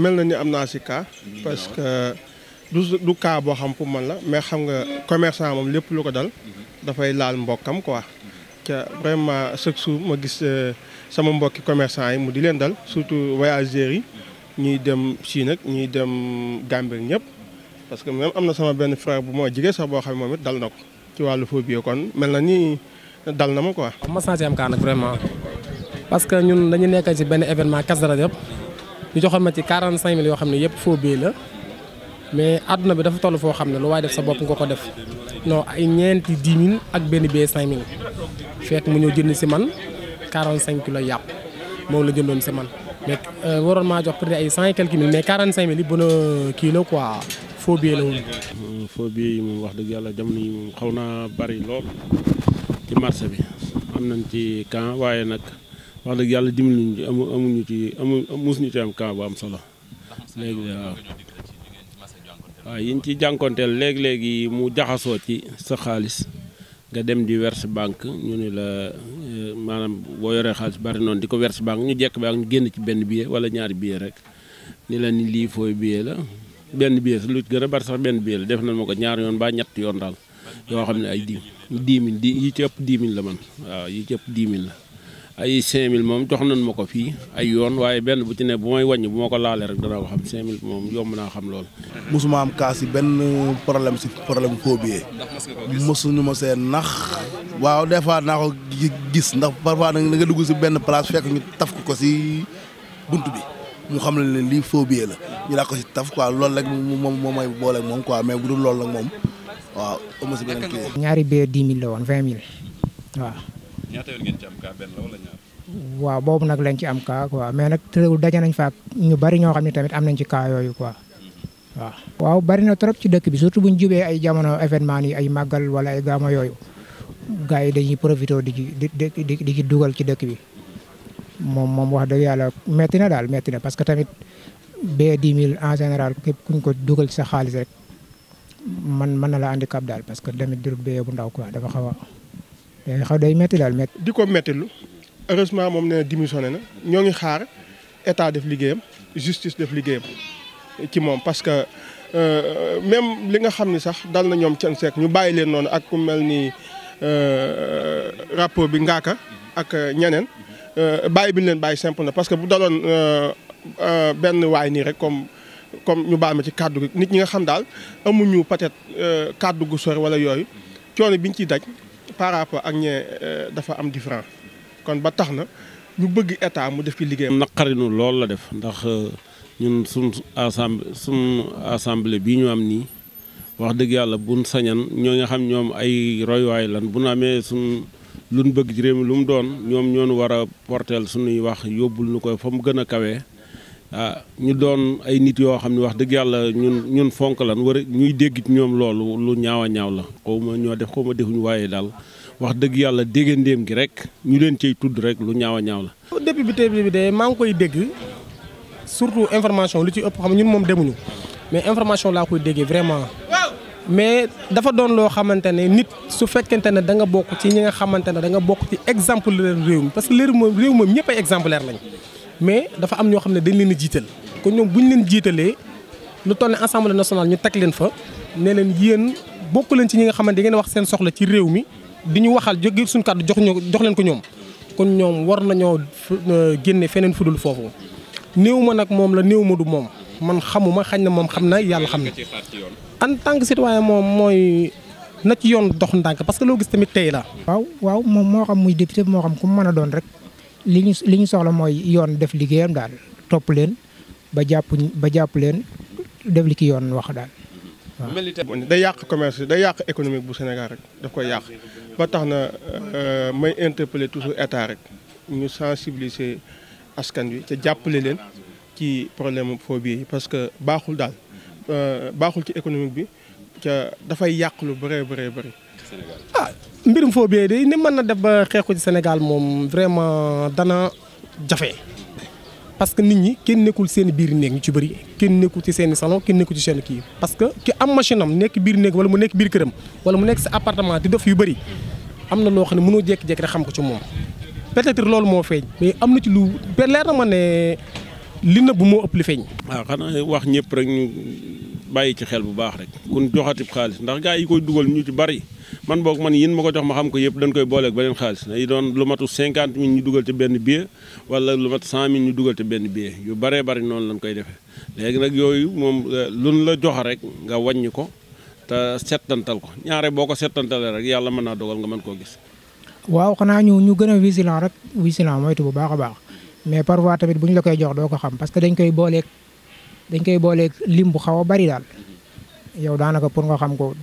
mel na ni am naa si cas. parce que du du cas boo xam pour man la mais xam nga commerçant moom lépp lu ko dal. Mhm. dafay laal mbokkam quoi. ca vraiment chaque jour ma gis euh, sama mbokki commerçant yi mu di leen dal surtout voyageurs yi ñuy dem sii nag ñuy dem Gambie ñëpp. parce que même am na sama benn frère bu moo jigee sax boo xam ne moom it dal na ko ci wàllu phobie kon mel na nii dal na ma quoi. ma changé am kaa nag vraiment parce que ñun dañu nekk ci benn événement Kazu Rajab ñu joxoon ma ci 45 mille yoo xam ne yëpp faux billet la mais àdduna bi dafa toll foo xam ne lu waaye def sa bopp nga ko def non ay ñeenti 10 ak benn bi 5 mille fekk mu ñëw jënd si man 45 kilos yàpp moom la jëndoon si man mais euh, waroon maa jox prix ay 100 et quelques mille mais 45 mille yi kii la quoi faux billet la woon. Mm, faux billet yi moom wax dëgg yàlla jamono yi moom xaw naa bari lool ci marché bi am nañ ci camp waaye nag. wax dëgg yàlla dimbali ñu ci amu amuñu ci amu mus ñu ci am bu am solo léegi waaw yi yiñ ci jànkonteel léegi-léegi mu jaxasoo ci sa xaalis nga dem di verse banque ñu ni la eh, maanaam boo yoree xaalis bari noonu di ko verse banque ñu jekk ba ak ñu génn ci benn billet wala ñaari billet rek ni la ni lii fooy billet la benn billet lu gën a bari sax benn billet la def nañ ma ko ñaar yoon baa ñett yoon daal yoo xam ne ay dix dix mille di yi ci ëpp dix mille la man waaw yi ci ëpp dix la ay 5000 moom jox nañ ma ko fii ay yoon waaye benn bu ci ne bu may wàññi bu ma ko laalee rek danaa ko xam 5000 moom yomb naa xam lool. mosuma am kaas yi benn problème si problème phobie. mosuñu ma see nax. waaw des fois naa ko gis ndax parfois da nga dugg si benn place fekk ñu taf ko si bunt bi mu xam ne leen lii phobie la ñu daa ko si taf quoi loolu rek moom moom mooy boole moom quoi mais bu dul loolu la moom waaw. am na si beneen kii ñaari biir 10 000 la woon 20 000 waaw boobu nag lañ ci am cas quoi mais nag tërëwul daje nañ fa ñu bari ñoo xam ne tamit am nañ ci cas yooyu quoi mm-hmm. waaw. waaw bari na trop ci dëkk bi surtout bu ñu jubee ay jamono événement yi ay màggal wala ay gaama yooyu gars yi dañuy profité di ci di di di ci dugal ci dëkk bi moom moom wax dëgg yàlla metti na daal metti na parce que tamit bee 10 000 en général képp kuñ ko dugal ci sa xaalis rek man mën na la handicap daal parce que tamit durut bee bu ndaw quoi dafa xaw Eh, xaw day métti daal métti. di ko méttilu heureusement moom nee na démissionné na ñoo ngi xaar état def liggéeyam justice def liggéeyam ci moom parce que euh, même li nga xam ni sax dal na ñoom cen seek ñu bàyyi leen noonu ak ku mel ni euh, rapport bi ngaaka ak ñeneen euh, bàyyi bi leen bàyyi simple na parce que bu daloon benn waay nii rek comme comme ñu baal ma ci kàddu gi nit ñi nga xam daal amuñu peut-être kàddu gu sori walla yooyu coono ñu ciy daj. par rapport ak ñee euh, dafa am différent kon ba tax na ñu bëgg état mu def ci liggéeyam. naqarinu lool la def ndax euh, ñun suñ assemblée suñ assemblée bii ñu am nii wax dëgg yàlla buñ sañan ñoo nga xam ñoom ay roywaay lan bu ñu amee suñ luñ bëgg ci réew mi lu mu doon ñoom ñoon war a porteel suñuy wax yóbbul nu ko fa mu gën a kawee ah ñu doon ay nit yoo xam ne wax dëgg yàlla ñun ñun fonk lan war ñuy dégg ci ñoom loolu lu ñaaw a ñaaw la xaw ma ñoo def xaw ma defuñu waaye daal wax dëgg yàlla déggandéem gi rek ñu leen ciy tudd rek lu ñaaw a ñaaw la. depuis bi tey bi de maa ngi koy dégg surtout information lu ci ëpp xam ñun moom demuñu mais information laa koy déggee vraiment mais dafa doon loo xamante ne nit su fekkente ne da nga bokk ci ñi nga xamante ne da bokk ci exemple réew mi parce que réew moom réew moom ñëpp ay exemplaire lañ. mais dafa am ñoo xam ne dañ leen a jiital kon ñoom bu ñu leen jiitalee lu toll ne assemblée nationale ñu teg leen fa ne leen yéen bokk leen ci ñi nga xamante da ngeen wax seen soxla ci réew mi di ñu waxal jóge suñu kàddu jox ñu jox leen ko ñoom kon ñoom war nañoo euh, génne feneen fudul foofu néew ma nag moom la néew ma du moom man xamuma xañ na moom xam na yàlla xam na en tant que citoyen moom mooy na ci yoon dox ndànk parce que loo gis tamit tey la. waaw waaw moom moo xam muy député moo xam ku mën a doon rek. li ñu li ñu soxla mooy yoon def liggéeyam daal topp leen ba jàpp ba jàpp leen def li ki yoon wax daal. waaw day yàq commerce day yàq économique bu Sénégal rek daf koy yàq ba tax na euh, may interpeller toujours état rek ñu sensibiliser askan wi te jàppale leen ci problème phobie yi parce que baaxul daal euh, baaxul ci économique bi ca dafay yàq lu bëree bëree bëri. ah mbirum phobie de ni mën na def ba xeexu ci Sénégal moom vraiment dana jafe parce que nit ñi kenn nekkul seen biir néeg ñu ci bëri kenn nekkul ci seen salon kenn nekkul ci seen kii parce que ki am machine am nekk biir néeg wala mu nekk biir këram wala mu nekk si appartement di def yu bëri am na loo xam ne mënoo jékki-jékki rek xam ko ci moom peut-être loolu moo feeñ mais am na ci lu leer na ma ne li nëbb moo ëpp li feeñ. Ah, waaw rek ñu. bàyyi ci xel bu baax rek kun joxatib xaalis ndax gaa yi koy dugal ñu ci bari man boog man yéen ma ko jox ma xam ko yëpp dañ koy booleeg beneen xaalis day doon lu matu cinquante mille ñu dugal ci benn billet yu baree bari noonu lañ koy defee léegi nag yooyu moom nu eh, la jox rek nga wàññi ko te settantal ko ñaare boo ko settantalee rek yàlla mën naa dogal nga mën koo gis waaw xanaa ñu ñu gën a vigilant rek vigilant moytu bu baax a baax mais parfois la koy jox doo ko dañ koy booleeg dañ koy booleeg lim bu xaw a bari daal yow daanaka pour nga xam ko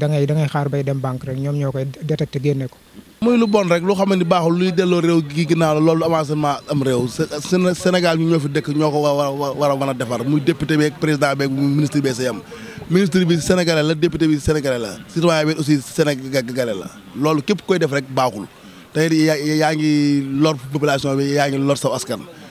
da ngay da ngay xaar bay dem banque rek ñoom ñoo koy détecté génne ko. muy lu bon rek lu xam ne baaxul luy delloo réew gi ginnaaw la loolu avancement am réew Sénégal ñu ñoo fi dëkk ñoo ko war a wan a mën a defar muy député beeg président beeg ministre bi see am ministre bi sénégalais la député bi sénégalais la citoyen bi aussi sénégalais la loolu képp koy def rek baaxul te yaa ngi lor population bi yaa ngi lor saw askan.